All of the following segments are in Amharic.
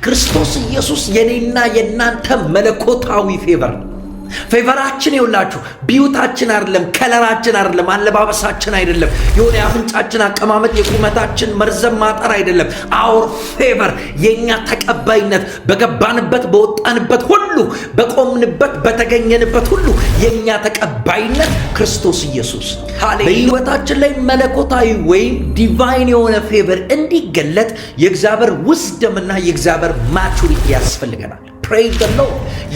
ክርስቶስ ኢየሱስ የኔና የእናንተ መለኮታዊ ፌቨር ፌቨራችን የውላችሁ ቢዩታችን አይደለም፣ ከለራችን አይደለም፣ አለባበሳችን አይደለም፣ የሆነ የአፍንጫችን አቀማመጥ፣ የቁመታችን መርዘም ማጠር አይደለም። አውር ፌቨር የእኛ ተቀ ተቀባይነት በገባንበት በወጣንበት ሁሉ በቆምንበት በተገኘንበት ሁሉ የእኛ ተቀባይነት ክርስቶስ ኢየሱስ። በህይወታችን ላይ መለኮታዊ ወይም ዲቫይን የሆነ ፌቨር እንዲገለጥ የእግዚአብሔር ውስደምና የእግዚአብሔር ማቹሪቲ ያስፈልገናል።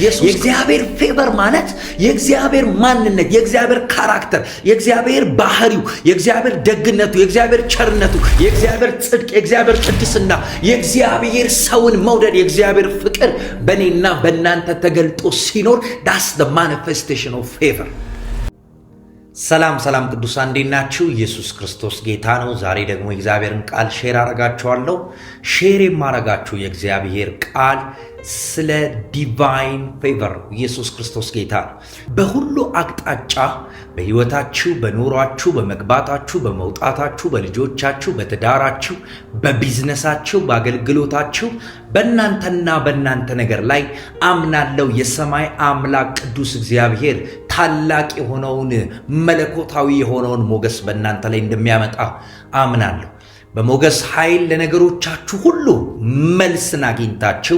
የእግዚአብሔር ፌቨር ማለት የእግዚአብሔር ማንነት፣ የእግዚአብሔር ካራክተር፣ የእግዚአብሔር ባህሪው፣ የእግዚአብሔር ደግነቱ፣ የእግዚአብሔር ቸርነቱ፣ የእግዚአብሔር ጽድቅ፣ የእግዚአብሔር ቅድስና፣ የእግዚአብሔር ሰውን መውደድ፣ የእግዚአብሔር ፍቅር በእኔና በእናንተ ተገልጦ ሲኖር ዳስ ማኒፌስቴሽን ኦፍ ፌቨር ሰላም ሰላም ቅዱሳን እንዴት ናችሁ? ኢየሱስ ክርስቶስ ጌታ ነው። ዛሬ ደግሞ የእግዚአብሔርን ቃል ሼር አረጋችኋለሁ። ሼር የማረጋችሁ የእግዚአብሔር ቃል ስለ ዲቫይን ፌቨር ኢየሱስ ክርስቶስ ጌታ ነው። በሁሉ አቅጣጫ በሕይወታችሁ፣ በኑሯችሁ፣ በመግባታችሁ፣ በመውጣታችሁ፣ በልጆቻችሁ፣ በትዳራችሁ፣ በቢዝነሳችሁ፣ በአገልግሎታችሁ፣ በእናንተና በእናንተ ነገር ላይ አምናለው የሰማይ አምላክ ቅዱስ እግዚአብሔር ታላቅ የሆነውን መለኮታዊ የሆነውን ሞገስ በእናንተ ላይ እንደሚያመጣ አምናለሁ። በሞገስ ኃይል ለነገሮቻችሁ ሁሉ መልስን አግኝታችሁ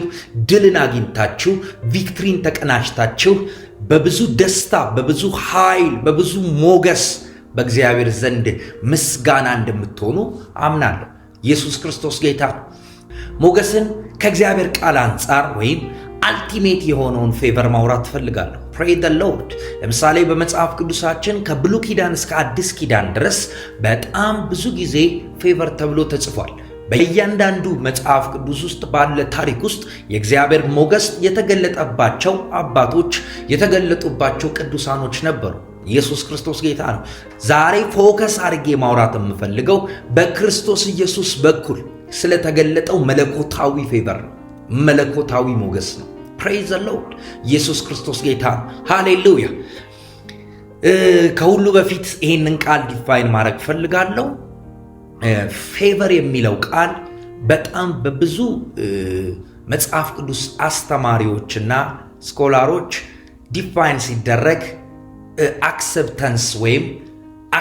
ድልን አግኝታችሁ ቪክትሪን ተቀናጅታችሁ በብዙ ደስታ፣ በብዙ ኃይል፣ በብዙ ሞገስ በእግዚአብሔር ዘንድ ምስጋና እንደምትሆኑ አምናለሁ። ኢየሱስ ክርስቶስ ጌታ ሞገስን ከእግዚአብሔር ቃል አንጻር ወይም አልቲሜት የሆነውን ፌቨር ማውራት ትፈልጋለሁ። ፕሬ ደ ሎርድ። ለምሳሌ በመጽሐፍ ቅዱሳችን ከብሉ ኪዳን እስከ አዲስ ኪዳን ድረስ በጣም ብዙ ጊዜ ፌቨር ተብሎ ተጽፏል። በእያንዳንዱ መጽሐፍ ቅዱስ ውስጥ ባለ ታሪክ ውስጥ የእግዚአብሔር ሞገስ የተገለጠባቸው አባቶች የተገለጡባቸው ቅዱሳኖች ነበሩ። ኢየሱስ ክርስቶስ ጌታ ነው። ዛሬ ፎከስ አድርጌ ማውራት የምፈልገው በክርስቶስ ኢየሱስ በኩል ስለተገለጠው መለኮታዊ ፌቨር ነው፣ መለኮታዊ ሞገስ ነው። ፕሬይዝ ዘሎድ ኢየሱስ ክርስቶስ ጌታ ሃሌሉያ። ከሁሉ በፊት ይህንን ቃል ዲፋይን ማድረግ ፈልጋለሁ። ፌቨር የሚለው ቃል በጣም በብዙ መጽሐፍ ቅዱስ አስተማሪዎችና ስኮላሮች ዲፋይን ሲደረግ አክሰፕተንስ ወይም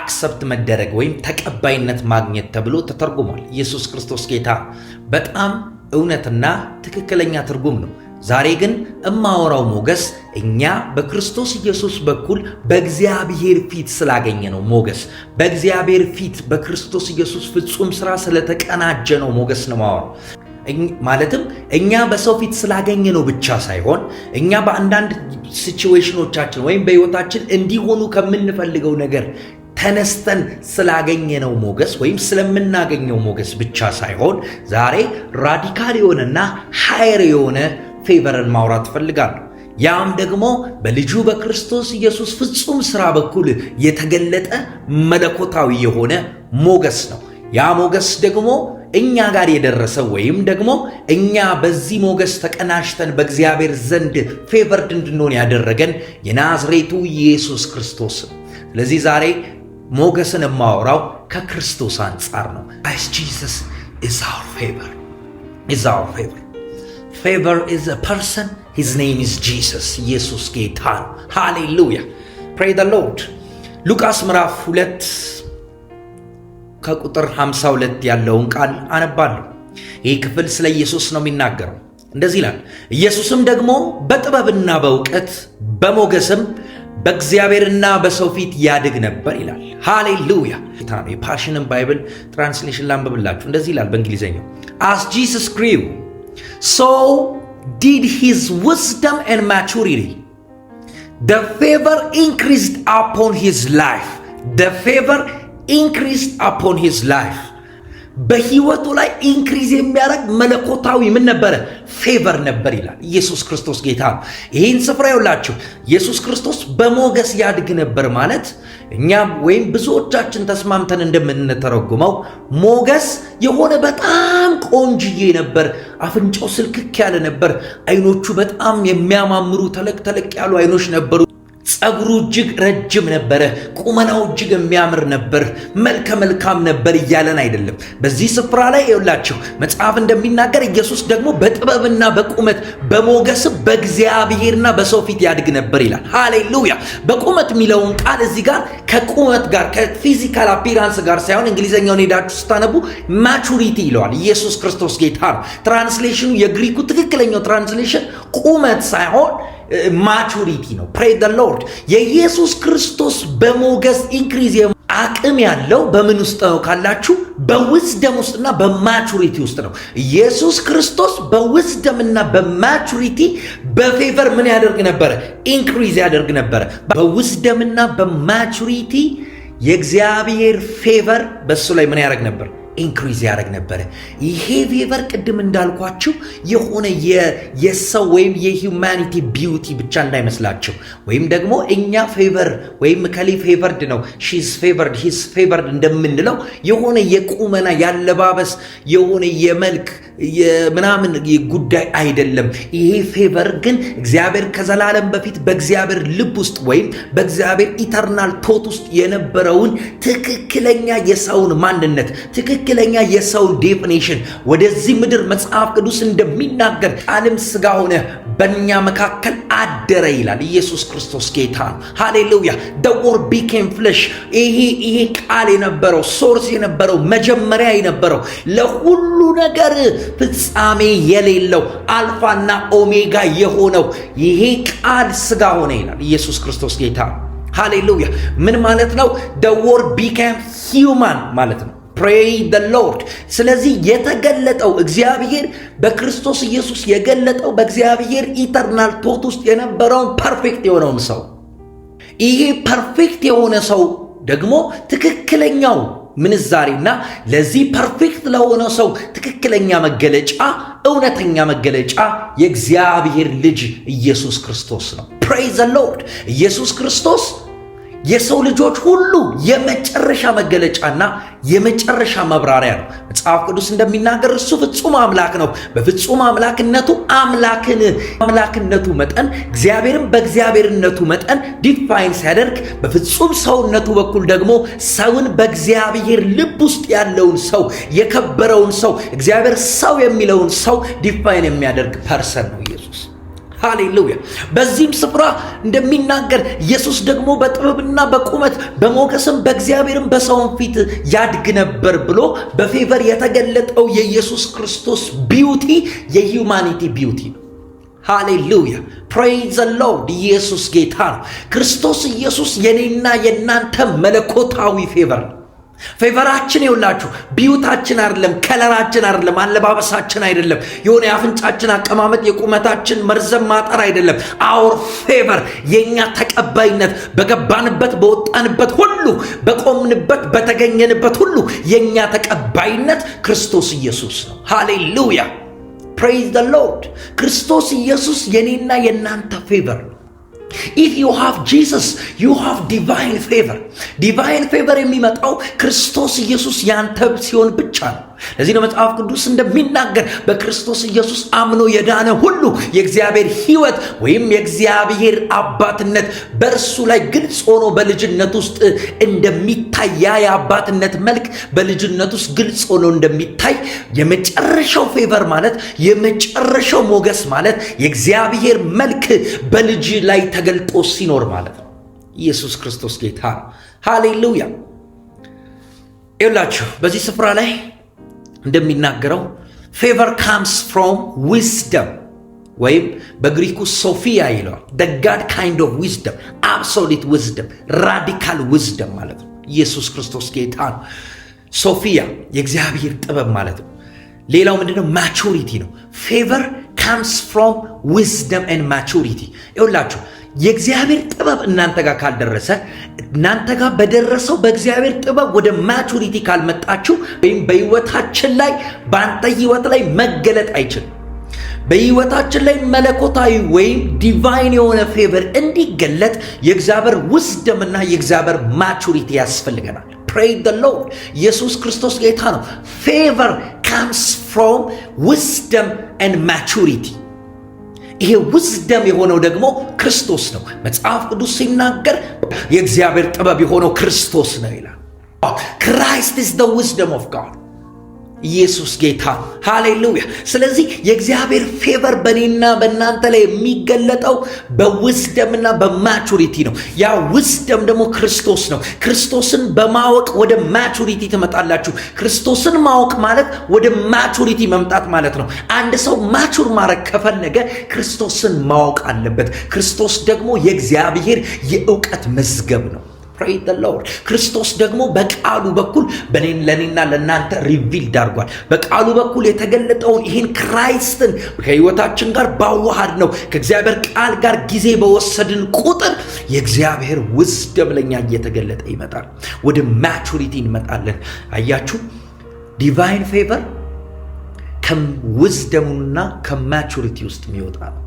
አክሰፕት መደረግ ወይም ተቀባይነት ማግኘት ተብሎ ተተርጉሟል። ኢየሱስ ክርስቶስ ጌታ በጣም እውነትና ትክክለኛ ትርጉም ነው። ዛሬ ግን እማወራው ሞገስ እኛ በክርስቶስ ኢየሱስ በኩል በእግዚአብሔር ፊት ስላገኘ ነው። ሞገስ በእግዚአብሔር ፊት በክርስቶስ ኢየሱስ ፍጹም ስራ ስለተቀናጀ ነው። ሞገስ ነው ማወራው ማለትም እኛ በሰው ፊት ስላገኘ ነው ብቻ ሳይሆን እኛ በአንዳንድ ሲችዌሽኖቻችን ወይም በሕይወታችን እንዲሆኑ ከምንፈልገው ነገር ተነስተን ስላገኘነው ሞገስ ወይም ስለምናገኘው ሞገስ ብቻ ሳይሆን ዛሬ ራዲካል የሆነና ሀይር የሆነ ፌቨርን ማውራት እፈልጋለሁ። ያም ደግሞ በልጁ በክርስቶስ ኢየሱስ ፍጹም ሥራ በኩል የተገለጠ መለኮታዊ የሆነ ሞገስ ነው። ያ ሞገስ ደግሞ እኛ ጋር የደረሰ ወይም ደግሞ እኛ በዚህ ሞገስ ተቀናሽተን በእግዚአብሔር ዘንድ ፌቨርድ እንድንሆን ያደረገን የናዝሬቱ ኢየሱስ ክርስቶስ ነው። ስለዚህ ዛሬ ሞገስን የማወራው ከክርስቶስ አንጻር ነው። ጂሰስ ኢዝ አወር ፌቨር ኢዝ አወር ፌቨር ፌቨር ኢዝ አ ፐርሰን ሂዝ ኔም ኢዝ ጂሰስ ኢየሱስ ጌታ ነው። ሃሌሉያ ፕሬይ ዘ ሎርድ። ሉቃስ ምዕራፍ 2 ከቁጥር 52 ያለውን ቃል አነባለሁ። ይህ ክፍል ስለ ኢየሱስ ነው የሚናገረው። እንደዚህ ይላል፣ ኢየሱስም ደግሞ በጥበብና በእውቀት በሞገስም በእግዚአብሔርና በሰው ፊት ያድግ ነበር ይላል። ሃሌሉያ ጌታ ነው። የፓሽንን ባይብል ትራንስሌሽን ላንብብላችሁ። እንደዚህ ይላል በእንግሊዝኛው አስ ጂሰስ ግሪው So did his wisdom and maturity. The favor increased upon his life. The favor increased upon his life. በህይወቱ ላይ ኢንክሪዝ የሚያደርግ መለኮታዊ ምን ነበረ? ፌቨር ነበር ይላል። ኢየሱስ ክርስቶስ ጌታ ነው። ይህን ስፍራ ይውላችሁ ኢየሱስ ክርስቶስ በሞገስ ያድግ ነበር ማለት እኛም ወይም ብዙዎቻችን ተስማምተን እንደምንተረጉመው ሞገስ የሆነ በጣም ቆንጅዬ ነበር። አፍንጫው ስልክክ ያለ ነበር። አይኖቹ በጣም የሚያማምሩ ተለቅ ተለቅ ያሉ አይኖች ነበሩ። ጸጉሩ እጅግ ረጅም ነበረ፣ ቁመናው እጅግ የሚያምር ነበር፣ መልከ መልካም ነበር እያለን አይደለም። በዚህ ስፍራ ላይ የውላችሁ መጽሐፍ እንደሚናገር ኢየሱስ ደግሞ በጥበብና በቁመት በሞገስም በእግዚአብሔርና በሰው ፊት ያድግ ነበር ይላል። ሃሌሉያ! በቁመት የሚለውን ቃል እዚህ ጋር ከቁመት ጋር ከፊዚካል አፒራንስ ጋር ሳይሆን እንግሊዝኛውን ሄዳችሁ ስታነቡ ማቹሪቲ ይለዋል። ኢየሱስ ክርስቶስ ጌታ ነው። ትራንስሌሽኑ የግሪኩ ትክክለኛው ትራንስሌሽን ቁመት ሳይሆን ማቹሪቲ ነው። ፕሬ ዘ ሎርድ የኢየሱስ ክርስቶስ በሞገስ ኢንክሪዝ አቅም ያለው በምን ውስጥ ነው ካላችሁ፣ በውዝደም ውስጥና በማቹሪቲ ውስጥ ነው። ኢየሱስ ክርስቶስ በውዝደምና በማቹሪቲ በፌቨር ምን ያደርግ ነበረ? ኢንክሪዝ ያደርግ ነበረ። በውዝደምና በማቹሪቲ የእግዚአብሔር ፌቨር በእሱ ላይ ምን ያደርግ ነበር? ኢንክሪዝ ያደረግ ነበረ። ይሄ ፌቨር ቅድም እንዳልኳችው የሆነ የሰው ወይም የሂውማኒቲ ቢዩቲ ብቻ እንዳይመስላችሁ ወይም ደግሞ እኛ ፌቨር ወይም ከሌ ፌቨርድ ነው ሺዝ ፌቨርድ ሂዝ ፌቨርድ እንደምንለው የሆነ የቁመና ያለባበስ የሆነ የመልክ ምናምን ጉዳይ አይደለም። ይሄ ፌቨር ግን እግዚአብሔር ከዘላለም በፊት በእግዚአብሔር ልብ ውስጥ ወይም በእግዚአብሔር ኢተርናል ቶት ውስጥ የነበረውን ትክክለኛ የሰውን ማንነት ትክክል ትክክለኛ የሰው ዴፊኔሽን ወደዚህ ምድር መጽሐፍ ቅዱስ እንደሚናገር ቃልም ስጋ ሆነ በእኛ መካከል አደረ ይላል። ኢየሱስ ክርስቶስ ጌታ ነው። ሃሌሉያ ደወር ቢኬም ፍለሽ ይሄ ይሄ ቃል የነበረው ሶርስ የነበረው መጀመሪያ የነበረው ለሁሉ ነገር ፍጻሜ የሌለው አልፋና ኦሜጋ የሆነው ይሄ ቃል ስጋ ሆነ ይላል። ኢየሱስ ክርስቶስ ጌታ ነው። ሃሌሉያ ምን ማለት ነው? ደወር ቢኬም ማን ማለት ነው። ፕሬይ ዘ ሎርድ። ስለዚህ የተገለጠው እግዚአብሔር በክርስቶስ ኢየሱስ የገለጠው በእግዚአብሔር ኢተርናል ቶት ውስጥ የነበረውን ፐርፌክት የሆነውን ሰው ይሄ ፐርፌክት የሆነ ሰው ደግሞ ትክክለኛው ምንዛሬና ለዚህ ፐርፌክት ለሆነ ሰው ትክክለኛ መገለጫ እውነተኛ መገለጫ የእግዚአብሔር ልጅ ኢየሱስ ክርስቶስ ነው። ፕሬይ ዘ ሎርድ ኢየሱስ ክርስቶስ የሰው ልጆች ሁሉ የመጨረሻ መገለጫና የመጨረሻ መብራሪያ ነው። መጽሐፍ ቅዱስ እንደሚናገር እሱ ፍጹም አምላክ ነው። በፍጹም አምላክነቱ አምላክን አምላክነቱ መጠን እግዚአብሔርን በእግዚአብሔርነቱ መጠን ዲፋይን ሲያደርግ በፍጹም ሰውነቱ በኩል ደግሞ ሰውን በእግዚአብሔር ልብ ውስጥ ያለውን ሰው የከበረውን ሰው እግዚአብሔር ሰው የሚለውን ሰው ዲፋይን የሚያደርግ ፐርሰን ነው። ሃሌሉያ። በዚህም ስፍራ እንደሚናገር ኢየሱስ ደግሞ በጥበብና በቁመት በሞገስም በእግዚአብሔርም በሰውን ፊት ያድግ ነበር ብሎ በፌቨር የተገለጠው የኢየሱስ ክርስቶስ ቢዩቲ የሂውማኒቲ ቢዩቲ ነው። ሃሌሉያ ፕሬይዝ ሎርድ ኢየሱስ ጌታ ነው። ክርስቶስ ኢየሱስ የኔና የእናንተ መለኮታዊ ፌቨር ነው። ፌቨራችን ይውላችሁ ቢዩታችን አይደለም፣ ከለራችን አይደለም፣ አለባበሳችን አይደለም፣ የሆነ የአፍንጫችን አቀማመጥ፣ የቁመታችን መርዘም ማጠር አይደለም። አውር ፌቨር የኛ ተቀባይነት በገባንበት፣ በወጣንበት ሁሉ፣ በቆምንበት፣ በተገኘንበት ሁሉ የኛ ተቀባይነት ክርስቶስ ኢየሱስ ነው። ሃሌሉያ ፕሬይዝ ዘ ሎርድ። ክርስቶስ ኢየሱስ የኔና የእናንተ ፌቨር ነው። ኢፍ ዩ ሃቭ ጂሰስ ዩ ሃቭ ዲቫይን ፌቨር። ዲቫይን ፌቨር የሚመጣው ክርስቶስ ኢየሱስ ያንተ ሲሆን ብቻ ነው። ለዚህ ነው መጽሐፍ ቅዱስ እንደሚናገር በክርስቶስ ኢየሱስ አምኖ የዳነ ሁሉ የእግዚአብሔር ሕይወት ወይም የእግዚአብሔር አባትነት በእርሱ ላይ ግልጽ ሆኖ በልጅነት ውስጥ እንደሚታይ ያ የአባትነት መልክ በልጅነት ውስጥ ግልጽ ሆኖ እንደሚታይ የመጨረሻው ፌቨር ማለት የመጨረሻው ሞገስ ማለት የእግዚአብሔር መልክ በልጅ ላይ ተገልጦ ሲኖር ማለት ነው። ኢየሱስ ክርስቶስ ጌታ ነው። ሃሌሉያ! ይውላችሁ በዚህ ስፍራ ላይ እንደሚናገረው ፌቨር ካምስ ፍሮም ዊዝደም ወይም በግሪኩ ሶፊያ ይለዋል። ደ ጋድ ካይንድ ኦፍ ዊዝደም፣ አብሶሊት ዊዝደም፣ ራዲካል ዊዝደም ማለት ነው። ኢየሱስ ክርስቶስ ጌታ ነው። ሶፊያ የእግዚአብሔር ጥበብ ማለት ነው። ሌላው ምንድነው? ማቹሪቲ ነው። ፌቨር ካምስ ፍሮም ዊዝደም ኤንድ ማቹሪቲ ይሁላችሁ የእግዚአብሔር ጥበብ እናንተ ጋር ካልደረሰ እናንተ ጋር በደረሰው በእግዚአብሔር ጥበብ ወደ ማቹሪቲ ካልመጣችሁ ወይም በህይወታችን ላይ በአንተ ህይወት ላይ መገለጥ አይችልም። በህይወታችን ላይ መለኮታዊ ወይም ዲቫይን የሆነ ፌቨር እንዲገለጥ የእግዚአብሔር ውስደምና የእግዚአብሔር ማቹሪቲ ያስፈልገናል። ፕሬይ ደ ሎርድ ኢየሱስ ክርስቶስ ጌታ ነው። ፌቨር ካምስ ፍሮም ውስደም ኤንድ ማቹሪቲ ይሄ ውዝደም የሆነው ደግሞ ክርስቶስ ነው። መጽሐፍ ቅዱስ ሲናገር የእግዚአብሔር ጥበብ የሆነው ክርስቶስ ነው ይላል። ክራይስት ኢዝ ዘ ዊዝደም ኦፍ ጋድ ኢየሱስ ጌታ ነው። ሃሌሉያ። ስለዚህ የእግዚአብሔር ፌቨር በእኔና በእናንተ ላይ የሚገለጠው በውስደምና በማቹሪቲ ነው። ያ ውስደም ደግሞ ክርስቶስ ነው። ክርስቶስን በማወቅ ወደ ማቹሪቲ ትመጣላችሁ። ክርስቶስን ማወቅ ማለት ወደ ማቹሪቲ መምጣት ማለት ነው። አንድ ሰው ማቹር ማድረግ ከፈለገ ክርስቶስን ማወቅ አለበት። ክርስቶስ ደግሞ የእግዚአብሔር የእውቀት መዝገብ ነው። ፕሬይ ዘ ሎርድ። ክርስቶስ ደግሞ በቃሉ በኩል ለኔና ለእናንተ ሪቪል ዳርጓል። በቃሉ በኩል የተገለጠውን ይህን ክራይስትን ከህይወታችን ጋር ባዋሃድ ነው ከእግዚአብሔር ቃል ጋር ጊዜ በወሰድን ቁጥር የእግዚአብሔር ውስደም ለኛ እየተገለጠ ይመጣል። ወደ ማቹሪቲ እንመጣለን። አያችሁ ዲቫይን ፌቨር ከውዝደሙና ከማቹሪቲ ውስጥ የሚወጣ ነው።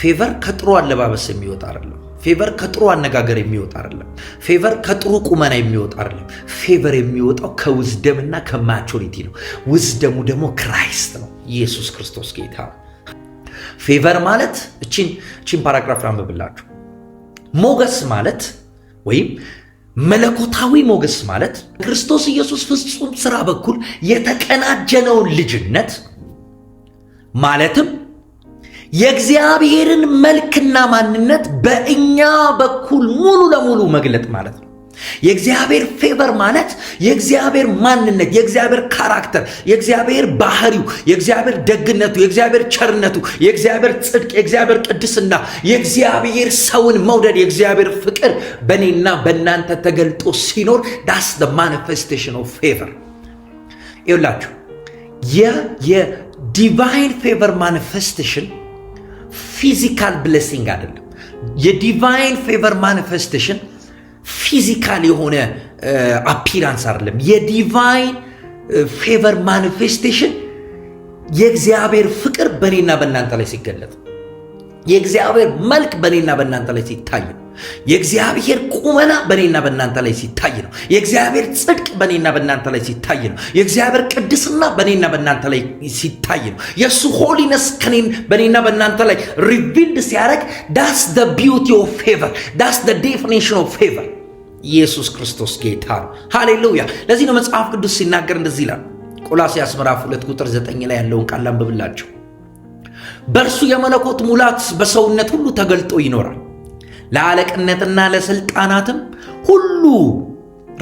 ፌቨር ከጥሩ አለባበስ የሚወጣ አይደለም። ፌቨር ከጥሩ አነጋገር የሚወጣ አይደለም። ፌቨር ከጥሩ ቁመና የሚወጣ አይደለም። ፌቨር የሚወጣው ከውዝደምና ከማቾሪቲ ነው። ውዝደሙ ደግሞ ክራይስት ነው፣ ኢየሱስ ክርስቶስ ጌታ ነው። ፌቨር ማለት እቺን እቺን ፓራግራፍ ላንብብላችሁ። ሞገስ ማለት ወይም መለኮታዊ ሞገስ ማለት ክርስቶስ ኢየሱስ ፍጹም ስራ በኩል የተቀናጀነውን ልጅነት ማለትም የእግዚአብሔርን መልክና ማንነት በእኛ በኩል ሙሉ ለሙሉ መግለጥ ማለት ነው። የእግዚአብሔር ፌቨር ማለት የእግዚአብሔር ማንነት፣ የእግዚአብሔር ካራክተር፣ የእግዚአብሔር ባህሪው፣ የእግዚአብሔር ደግነቱ፣ የእግዚአብሔር ቸርነቱ፣ የእግዚአብሔር ጽድቅ፣ የእግዚአብሔር ቅድስና፣ የእግዚአብሔር ሰውን መውደድ፣ የእግዚአብሔር ፍቅር በእኔና በእናንተ ተገልጦ ሲኖር ዳስ ደ ማኒፌስቴሽን ኦፍ ፌቨር ይላችሁ የዲቫይን ፌቨር ማኒፌስቴሽን ፊዚካል ብሌሲንግ አይደለም። የዲቫይን ፌቨር ማኒፌስቴሽን ፊዚካል የሆነ አፒራንስ አይደለም። የዲቫይን ፌቨር ማኒፌስቴሽን የእግዚአብሔር ፍቅር በእኔና በእናንተ ላይ ሲገለጥ የእግዚአብሔር መልክ በእኔና በእናንተ ላይ ሲታይ ነው። የእግዚአብሔር ቁመና በእኔና በእናንተ ላይ ሲታይ ነው። የእግዚአብሔር ጽድቅ በእኔና በእናንተ ላይ ሲታይ ነው። የእግዚአብሔር ቅድስና በእኔና በእናንተ ላይ ሲታይ ነው። የእሱ ሆሊነስ ከኔን በእኔና በእናንተ ላይ ሪቪልድ ሲያደርግ ዳስ ደ ቢዩቲ ኦፍ ፌቨር፣ ዳስ ደ ዴፊኒሽን ኦፍ ፌቨር። ኢየሱስ ክርስቶስ ጌታ ነው። ሃሌሉያ። ለዚህ ነው መጽሐፍ ቅዱስ ሲናገር እንደዚህ ይላል። ቆላሲያስ ምዕራፍ 2 ቁጥር 9 ላይ ያለውን ቃል አንብብላችሁ በእርሱ የመለኮት ሙላት በሰውነት ሁሉ ተገልጦ ይኖራል። ለአለቅነትና ለሥልጣናትም ሁሉ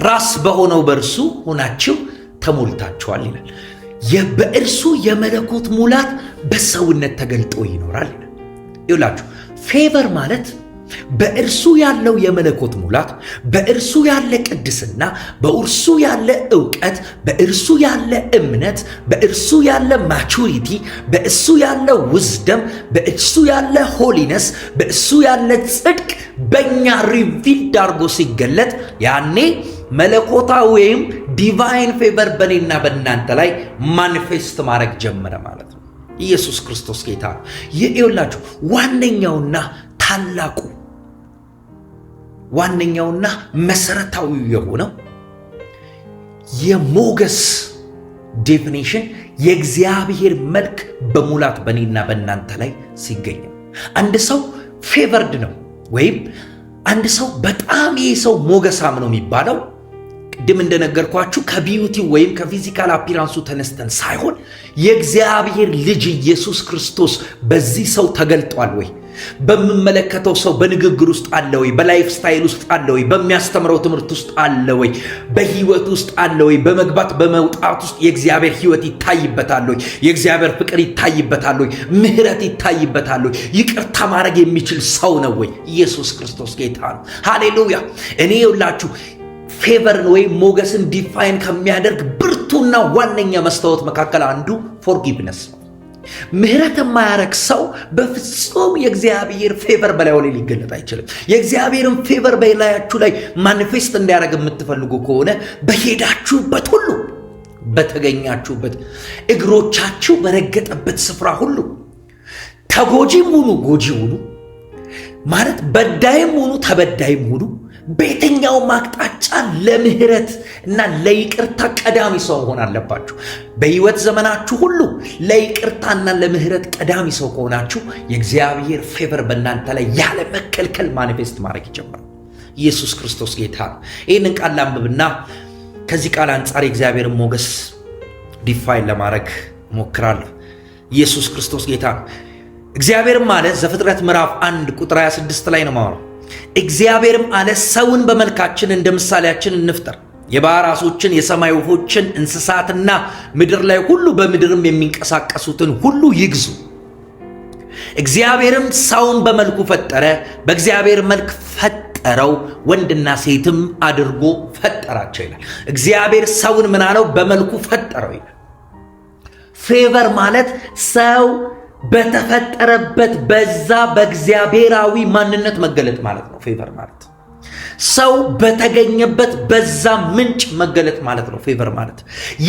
ራስ በሆነው በእርሱ ሆናችሁ ተሞልታችኋል ይላል። በእርሱ የመለኮት ሙላት በሰውነት ተገልጦ ይኖራል ይላል። ይውላችሁ ፌቨር ማለት በእርሱ ያለው የመለኮት ሙላት፣ በእርሱ ያለ ቅድስና፣ በእርሱ ያለ እውቀት፣ በእርሱ ያለ እምነት፣ በእርሱ ያለ ማቹሪቲ፣ በእሱ ያለ ውዝደም፣ በእሱ ያለ ሆሊነስ፣ በእሱ ያለ ጽድቅ በእኛ ሪቪልድ አድርጎ ሲገለጥ ያኔ መለኮታ ወይም ዲቫይን ፌቨር በእኔና በእናንተ ላይ ማኒፌስት ማድረግ ጀመረ ማለት ነው። ኢየሱስ ክርስቶስ ጌታ ነው። ይኸውላችሁ ዋነኛውና ታላቁ ዋነኛውና መሰረታዊ የሆነው የሞገስ ዴፊኒሽን የእግዚአብሔር መልክ በሙላት በእኔና በእናንተ ላይ ሲገኝ አንድ ሰው ፌቨርድ ነው ወይም አንድ ሰው በጣም ይህ ሰው ሞገሳም ነው የሚባለው ቅድም እንደነገርኳችሁ ከቢዩቲው ወይም ከፊዚካል አፒራንሱ ተነስተን ሳይሆን የእግዚአብሔር ልጅ ኢየሱስ ክርስቶስ በዚህ ሰው ተገልጧል ወይ በምመለከተው ሰው በንግግር ውስጥ አለ ወይ? በላይፍ ስታይል ውስጥ አለ ወይ? በሚያስተምረው ትምህርት ውስጥ አለ ወይ? በህይወት ውስጥ አለ ወይ? በመግባት በመውጣት ውስጥ የእግዚአብሔር ህይወት ይታይበታል ወይ? የእግዚአብሔር ፍቅር ይታይበታል ወይ? ምህረት ይታይበታል ወይ? ይቅርታ ማድረግ የሚችል ሰው ነው ወይ? ኢየሱስ ክርስቶስ ጌታ ነው። ሃሌሉያ። እኔ የውላችሁ ፌቨርን ወይም ሞገስን ዲፋይን ከሚያደርግ ብርቱና ዋነኛ መስታወት መካከል አንዱ ፎርጊቭነስ ነው። ምህረት የማያረግ ሰው በፍጹም የእግዚአብሔር ፌቨር በላዩ ላይ ሊገለጥ አይችልም። የእግዚአብሔርን ፌቨር በላያችሁ ላይ ማኒፌስት እንዲያደረግ የምትፈልጉ ከሆነ በሄዳችሁበት ሁሉ፣ በተገኛችሁበት፣ እግሮቻችሁ በረገጠበት ስፍራ ሁሉ ተጎጂም ሁኑ ጎጂ ሁኑ ማለት በዳይም ሁኑ ተበዳይም ሁኑ በየትኛውም አቅጣጫ ለምህረት እና ለይቅርታ ቀዳሚ ሰው መሆን አለባችሁ። በህይወት ዘመናችሁ ሁሉ ለይቅርታና ለምህረት ቀዳሚ ሰው ከሆናችሁ የእግዚአብሔር ፌቨር በእናንተ ላይ ያለ መከልከል ማኒፌስት ማድረግ ይጀምራል። ኢየሱስ ክርስቶስ ጌታ ነው። ይህንን ቃል ላንብብና ከዚህ ቃል አንጻር የእግዚአብሔርን ሞገስ ዲፋይን ለማድረግ ሞክራለሁ። ኢየሱስ ክርስቶስ ጌታ ነው። እግዚአብሔርም ማለት ዘፍጥረት ምዕራፍ አንድ ቁጥር 26 ላይ ነው ማውራው እግዚአብሔርም አለ ሰውን በመልካችን እንደ ምሳሌያችን እንፍጠር የባሕር ዓሦችን የሰማይ ወፎችን እንስሳትና ምድር ላይ ሁሉ በምድርም የሚንቀሳቀሱትን ሁሉ ይግዙ። እግዚአብሔርም ሰውን በመልኩ ፈጠረ፣ በእግዚአብሔር መልክ ፈጠረው፣ ወንድና ሴትም አድርጎ ፈጠራቸው ይላል። እግዚአብሔር ሰውን ምናለው በመልኩ ፈጠረው ይላል። ፌቨር ማለት ሰው በተፈጠረበት በዛ በእግዚአብሔራዊ ማንነት መገለጥ ማለት ነው ፌቨር ማለት። ሰው በተገኘበት በዛ ምንጭ መገለጥ ማለት ነው ፌቨር ማለት።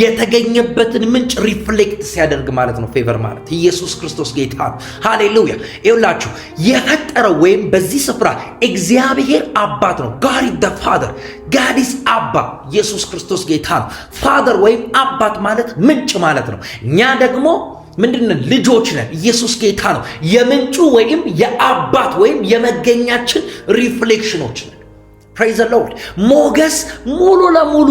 የተገኘበትን ምንጭ ሪፍሌክት ሲያደርግ ማለት ነው ፌቨር ማለት። ኢየሱስ ክርስቶስ ጌታ ነው። ሃሌሉያ! ይውላችሁ የፈጠረው ወይም በዚህ ስፍራ እግዚአብሔር አባት ነው። ጋድ ኢዝ ዘ ፋደር፣ ጋድ ኢዝ አባ። ኢየሱስ ክርስቶስ ጌታ ነው። ፋደር ወይም አባት ማለት ምንጭ ማለት ነው። እኛ ደግሞ ምንድነው? ልጆች ነን። ኢየሱስ ጌታ ነው። የምንጩ ወይም የአባት ወይም የመገኛችን ሪፍሌክሽኖች ነን። ፕሬዝ ሎርድ። ሞገስ ሙሉ ለሙሉ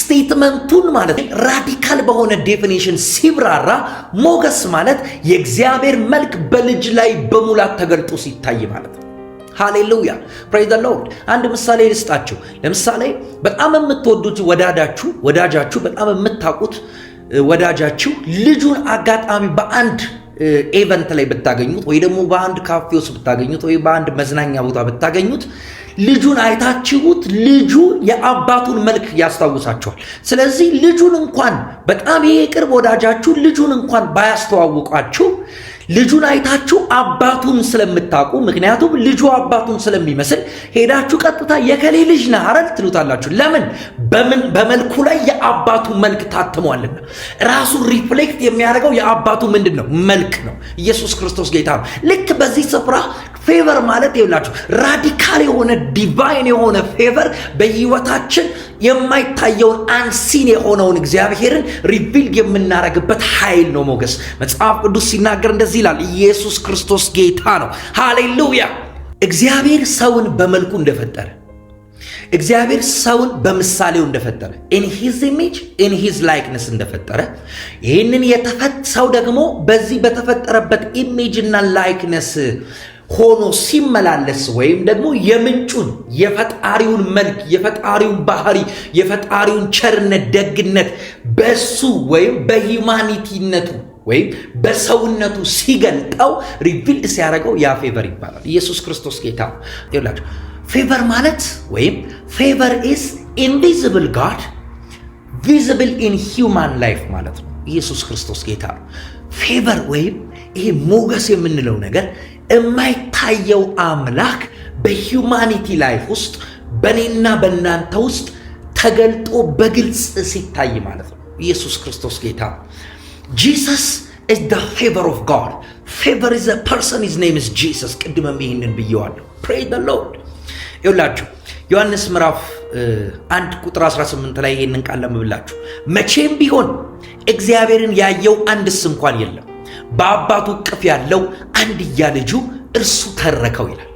ስቴትመንቱን ማለት ራዲካል በሆነ ዴፊኒሽን ሲብራራ ሞገስ ማለት የእግዚአብሔር መልክ በልጅ ላይ በሙላት ተገልጦ ሲታይ ማለት ነው። ሃሌሉያ ፕሬዝ ሎርድ። አንድ ምሳሌ ልስጣችሁ። ለምሳሌ በጣም የምትወዱት ወዳዳችሁ ወዳጃችሁ በጣም የምታውቁት ወዳጃችሁ ልጁን አጋጣሚ በአንድ ኤቨንት ላይ ብታገኙት ወይ ደግሞ በአንድ ካፌ ውስጥ ብታገኙት ወይ በአንድ መዝናኛ ቦታ ብታገኙት ልጁን አይታችሁት ልጁ የአባቱን መልክ ያስታውሳችኋል። ስለዚህ ልጁን እንኳን በጣም ይሄ ቅርብ ወዳጃችሁ ልጁን እንኳን ባያስተዋውቋችሁ ልጁን አይታችሁ አባቱን ስለምታውቁ፣ ምክንያቱም ልጁ አባቱን ስለሚመስል ሄዳችሁ ቀጥታ የከሌ ልጅ ነህ አረል ትሉታላችሁ። ለምን? በምን በመልኩ ላይ የአባቱ መልክ ታትሟልና ራሱ ሪፍሌክት የሚያደርገው የአባቱ ምንድን ነው መልክ ነው። ኢየሱስ ክርስቶስ ጌታ ነው። ልክ በዚህ ስፍራ ፌቨር ማለት ይብላችሁ ራዲካል የሆነ ዲቫይን የሆነ ፌቨር በህይወታችን የማይታየውን አንሲን የሆነውን እግዚአብሔርን ሪቪል የምናረግበት ኃይል ነው ሞገስ። መጽሐፍ ቅዱስ ሲናገር እንደዚህ ይላል፣ ኢየሱስ ክርስቶስ ጌታ ነው። ሃሌሉያ! እግዚአብሔር ሰውን በመልኩ እንደፈጠረ እግዚአብሔር ሰውን በምሳሌው እንደፈጠረ ኢን ሂዝ ኢሜጅ ኢን ሂዝ ላይክነስ እንደፈጠረ ይህንን ሰው ደግሞ በዚህ በተፈጠረበት ኢሜጅና ላይክነስ ሆኖ ሲመላለስ ወይም ደግሞ የምንጩን የፈጣሪውን መልክ የፈጣሪውን ባህሪ የፈጣሪውን ቸርነት፣ ደግነት በሱ ወይም በሂማኒቲነቱ ወይም በሰውነቱ ሲገልጠው ሪቪልድ ሲያደርገው ያ ፌቨር ይባላል። ኢየሱስ ክርስቶስ ጌታ ይላቸው። ፌቨር ማለት ወይም ፌቨር ኢዝ ኢንቪዚብል ጋድ ቪዚብል ኢን ሂውማን ላይፍ ማለት ነው። ኢየሱስ ክርስቶስ ጌታ ነው። ፌቨር ወይም ይሄ ሞገስ የምንለው ነገር የማይታየው አምላክ በሂውማኒቲ ላይፍ ውስጥ በእኔና በእናንተ ውስጥ ተገልጦ በግልጽ ሲታይ ማለት ነው። ኢየሱስ ክርስቶስ ጌታ ጂሰስ ኢዝ ዘ ፌቨር ኦፍ ጋድ ፌቨር ኢዝ ዘ ፐርሰን ኢዝ ኔም ኢዝ ጂሰስ። ቅድምም ይህንን ብየዋለሁ። ፕሬይ ዘ ሎርድ ይውላችሁ ዮሐንስ ምዕራፍ 1 ቁጥር 18 ላይ ይህንን ቃል ለምብላችሁ መቼም ቢሆን እግዚአብሔርን ያየው አንድስ እንኳን የለም በአባቱ እቅፍ ያለው አንድያ ልጁ እርሱ ተረከው ይላል።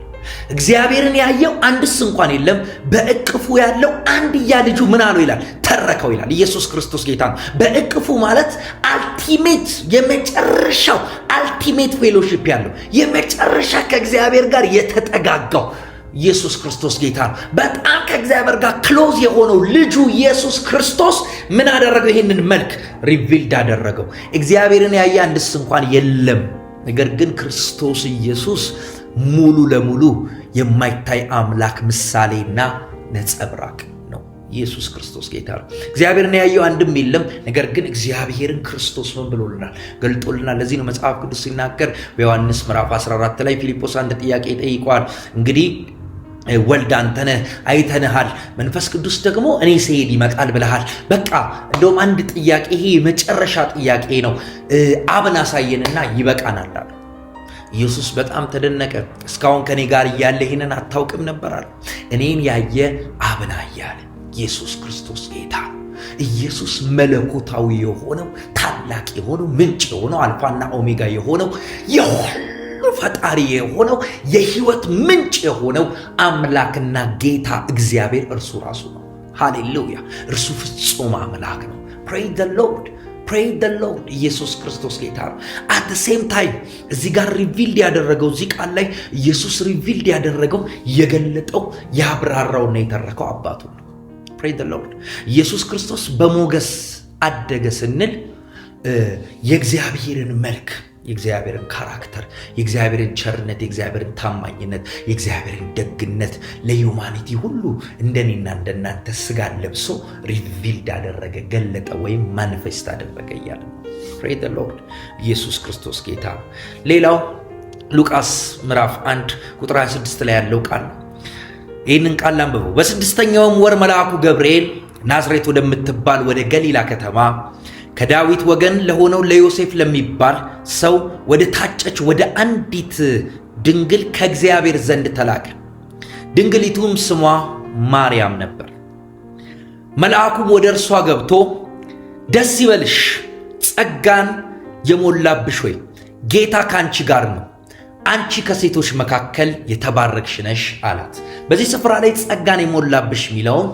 እግዚአብሔርን ያየው አንድስ እንኳን የለም። በእቅፉ ያለው አንድያ ልጁ ምን አለው ይላል? ተረከው ይላል። ኢየሱስ ክርስቶስ ጌታ ነው። በእቅፉ ማለት አልቲሜት የመጨረሻው አልቲሜት ፌሎሺፕ ያለው የመጨረሻ ከእግዚአብሔር ጋር የተጠጋጋው ኢየሱስ ክርስቶስ ጌታ ነው። በጣም ከእግዚአብሔር ጋር ክሎዝ የሆነው ልጁ ኢየሱስ ክርስቶስ ምን አደረገው? ይህንን መልክ ሪቪልድ አደረገው። እግዚአብሔርን ያየ አንድስ እንኳን የለም። ነገር ግን ክርስቶስ ኢየሱስ ሙሉ ለሙሉ የማይታይ አምላክ ምሳሌና ነጸብራቅ ነው። ኢየሱስ ክርስቶስ ጌታ ነው። እግዚአብሔርን ያየው አንድም የለም። ነገር ግን እግዚአብሔርን ክርስቶስ ምን ብሎልናል? ገልጦልናል። ለዚህ ነው መጽሐፍ ቅዱስ ሲናገር በዮሐንስ ምዕራፍ 14 ላይ ፊልጶስ አንድ ጥያቄ ጠይቋል። እንግዲህ ወልድ አንተነህ አይተንሃል፣ መንፈስ ቅዱስ ደግሞ እኔ ስሄድ ይመጣል ብለሃል። በቃ እንደውም አንድ ጥያቄ ይሄ የመጨረሻ ጥያቄ ነው፣ አብን አሳየንና ይበቃናል አለ። ኢየሱስ በጣም ተደነቀ። እስካሁን ከእኔ ጋር እያለ ይህንን አታውቅም ነበራል። እኔን ያየ አብን አያለ። ኢየሱስ ክርስቶስ ጌታ ኢየሱስ መለኮታዊ የሆነው ታላቅ የሆነው ምንጭ የሆነው አልፋና ኦሜጋ የሆነው የሆነ ፈጣሪ የሆነው የህይወት ምንጭ የሆነው አምላክና ጌታ እግዚአብሔር እርሱ ራሱ ነው። ሃሌሉያ! እርሱ ፍጹም አምላክ ነው። ፕሬይ ዘ ሎርድ ፕሬይ ዘ ሎርድ። ኢየሱስ ክርስቶስ ጌታ ነው። አት ሴም ታይም እዚህ ጋር ሪቪልድ ያደረገው እዚህ ቃል ላይ ኢየሱስ ሪቪልድ ያደረገው የገለጠው ያብራራውና የተረከው አባቱ ነው። ፕሬይ ዘ ሎርድ። ኢየሱስ ክርስቶስ በሞገስ አደገ ስንል የእግዚአብሔርን መልክ የእግዚአብሔርን ካራክተር፣ የእግዚአብሔርን ቸርነት፣ የእግዚአብሔርን ታማኝነት፣ የእግዚአብሔርን ደግነት ለዩማኒቲ ሁሉ እንደኔና እንደናንተ ስጋን ለብሶ ሪቪልድ አደረገ፣ ገለጠ፣ ወይም ማኒፌስት አደረገ እያለ ነው። ፕሬ ዘ ሎርድ። ኢየሱስ ክርስቶስ ጌታ ሌላው ሉቃስ ምዕራፍ 1 ቁጥር 26 ላይ ያለው ቃል ነው። ይህንን ቃል አንብበው። በስድስተኛውም ወር መልአኩ ገብርኤል ናዝሬት ወደምትባል ወደ ገሊላ ከተማ ከዳዊት ወገን ለሆነው ለዮሴፍ ለሚባል ሰው ወደ ታጨች ወደ አንዲት ድንግል ከእግዚአብሔር ዘንድ ተላከ። ድንግሊቱም ስሟ ማርያም ነበር። መልአኩም ወደ እርሷ ገብቶ ደስ ይበልሽ፣ ጸጋን የሞላብሽ ሆይ ጌታ ካንቺ ጋር ነው አንቺ ከሴቶች መካከል የተባረክሽ ነሽ አላት። በዚህ ስፍራ ላይ ጸጋን የሞላብሽ የሚለውን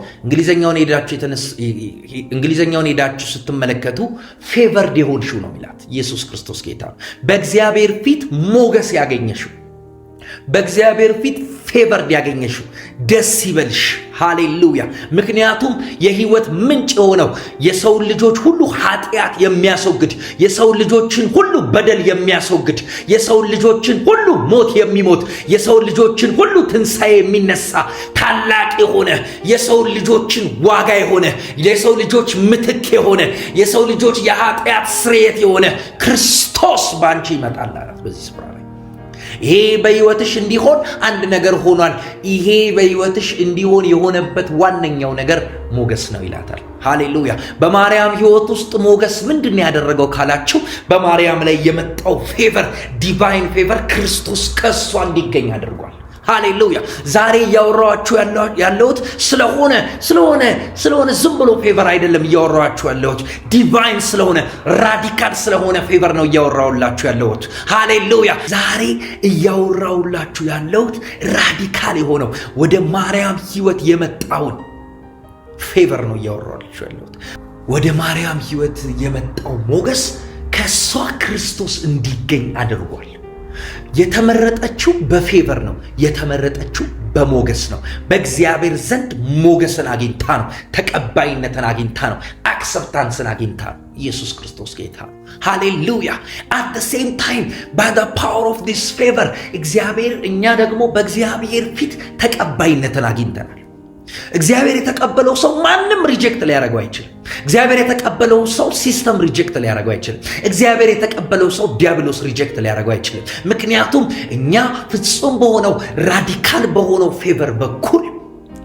እንግሊዝኛውን ሄዳችሁ ስትመለከቱ ፌቨርድ የሆንሽው ነው የሚላት። ኢየሱስ ክርስቶስ ጌታ በእግዚአብሔር ፊት ሞገስ ያገኘሽው በእግዚአብሔር ፊት ፌቨርድ ያገኘሽ ደስ ይበልሽ። ሃሌሉያ! ምክንያቱም የህይወት ምንጭ የሆነው የሰው ልጆች ሁሉ ኃጢአት የሚያስወግድ የሰው ልጆችን ሁሉ በደል የሚያስወግድ የሰው ልጆችን ሁሉ ሞት የሚሞት የሰው ልጆችን ሁሉ ትንሣኤ የሚነሳ ታላቅ የሆነ የሰው ልጆችን ዋጋ የሆነ የሰው ልጆች ምትክ የሆነ የሰው ልጆች የኃጢአት ስርየት የሆነ ክርስቶስ በአንቺ ይመጣል አላት በዚህ ስፍራ ይሄ በህይወትሽ እንዲሆን አንድ ነገር ሆኗል። ይሄ በህይወትሽ እንዲሆን የሆነበት ዋነኛው ነገር ሞገስ ነው ይላታል። ሃሌሉያ! በማርያም ህይወት ውስጥ ሞገስ ምንድን ነው ያደረገው ካላችሁ፣ በማርያም ላይ የመጣው ፌቨር፣ ዲቫይን ፌቨር ክርስቶስ ከእሷ እንዲገኝ አድርጓል። ሃሌሉያ። ዛሬ እያወራኋችሁ ያለሁት ስለሆነ ስለሆነ ስለሆነ ዝም ብሎ ፌቨር አይደለም እያወራኋችሁ ያለሁት ዲቫይን ስለሆነ ራዲካል ስለሆነ ፌቨር ነው እያወራሁላችሁ ያለሁት። ሃሌሉያ። ዛሬ እያወራሁላችሁ ያለሁት ራዲካል የሆነው ወደ ማርያም ህይወት የመጣውን ፌቨር ነው እያወራሁላችሁ ያለሁት። ወደ ማርያም ህይወት የመጣው ሞገስ ከእሷ ክርስቶስ እንዲገኝ አድርጓል። የተመረጠችው በፌቨር ነው። የተመረጠችው በሞገስ ነው። በእግዚአብሔር ዘንድ ሞገስን አግኝታ ነው። ተቀባይነትን አግኝታ ነው። አክሰፕታንስን አግኝታ ነው። ኢየሱስ ክርስቶስ ጌታ ሃሌሉያ አት ደ ሴም ታይም ባይ ደ ፓወር ኦፍ ዲስ ፌቨር እግዚአብሔር እኛ ደግሞ በእግዚአብሔር ፊት ተቀባይነትን አግኝተናል። እግዚአብሔር የተቀበለው ሰው ማንም ሪጀክት ሊያደርገው አይችልም። እግዚአብሔር የተቀበለው ሰው ሲስተም ሪጀክት ሊያደርገው አይችልም። እግዚአብሔር የተቀበለው ሰው ዲያብሎስ ሪጀክት ሊያደርገው አይችልም። ምክንያቱም እኛ ፍጹም በሆነው ራዲካል በሆነው ፌቨር በኩል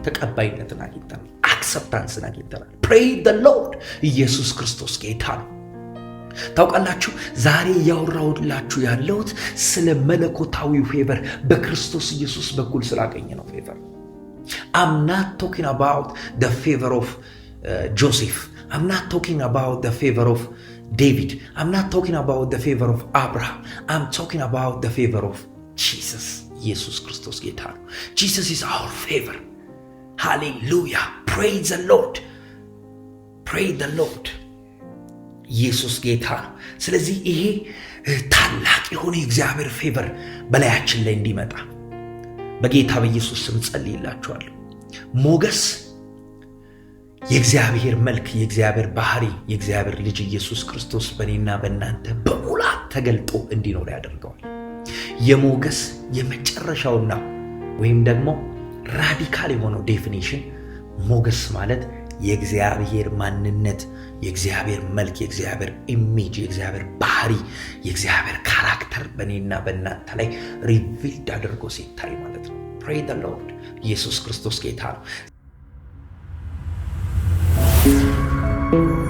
ተቀባይነትን አግኝተናል፣ አክሰፕታንስን አግኝተናል። ፕሬይ ዘ ሎርድ ኢየሱስ ክርስቶስ ጌታ ነው። ታውቃላችሁ ዛሬ እያወራሁላችሁ ያለሁት ስለ መለኮታዊ ፌቨር በክርስቶስ ኢየሱስ በኩል ስላገኘ ነው ፌቨር I'm not talking about the favor of uh, Joseph. I'm not talking about the favor of David. I'm not talking about the favor of Abraham. I'm talking about the favor of Jesus. ኢየሱስ ክርስቶስ ጌታ ነው። Jesus is our favor. Hallelujah. Praise the Lord. Praise the Lord. ኢየሱስ ጌታ ነው። ስለዚህ ይሄ ታላቅ የሆነ የእግዚአብሔር ፌቨር በላያችን ላይ እንዲመጣ በጌታ በኢየሱስ ስም ጸልይላችኋለሁ። ሞገስ የእግዚአብሔር መልክ፣ የእግዚአብሔር ባህሪ፣ የእግዚአብሔር ልጅ ኢየሱስ ክርስቶስ በእኔና በእናንተ በሙላት ተገልጦ እንዲኖር ያደርገዋል። የሞገስ የመጨረሻውና ወይም ደግሞ ራዲካል የሆነው ዴፊኒሽን ሞገስ ማለት የእግዚአብሔር ማንነት፣ የእግዚአብሔር መልክ፣ የእግዚአብሔር ኢሜጅ፣ የእግዚአብሔር ባህሪ፣ የእግዚአብሔር ካራክተር በእኔና በእናንተ ላይ ሪቪልድ አድርጎ ሲታይ ማለት ነው። ፕሬ ሎርድ ኢየሱስ ክርስቶስ ጌታ ነው።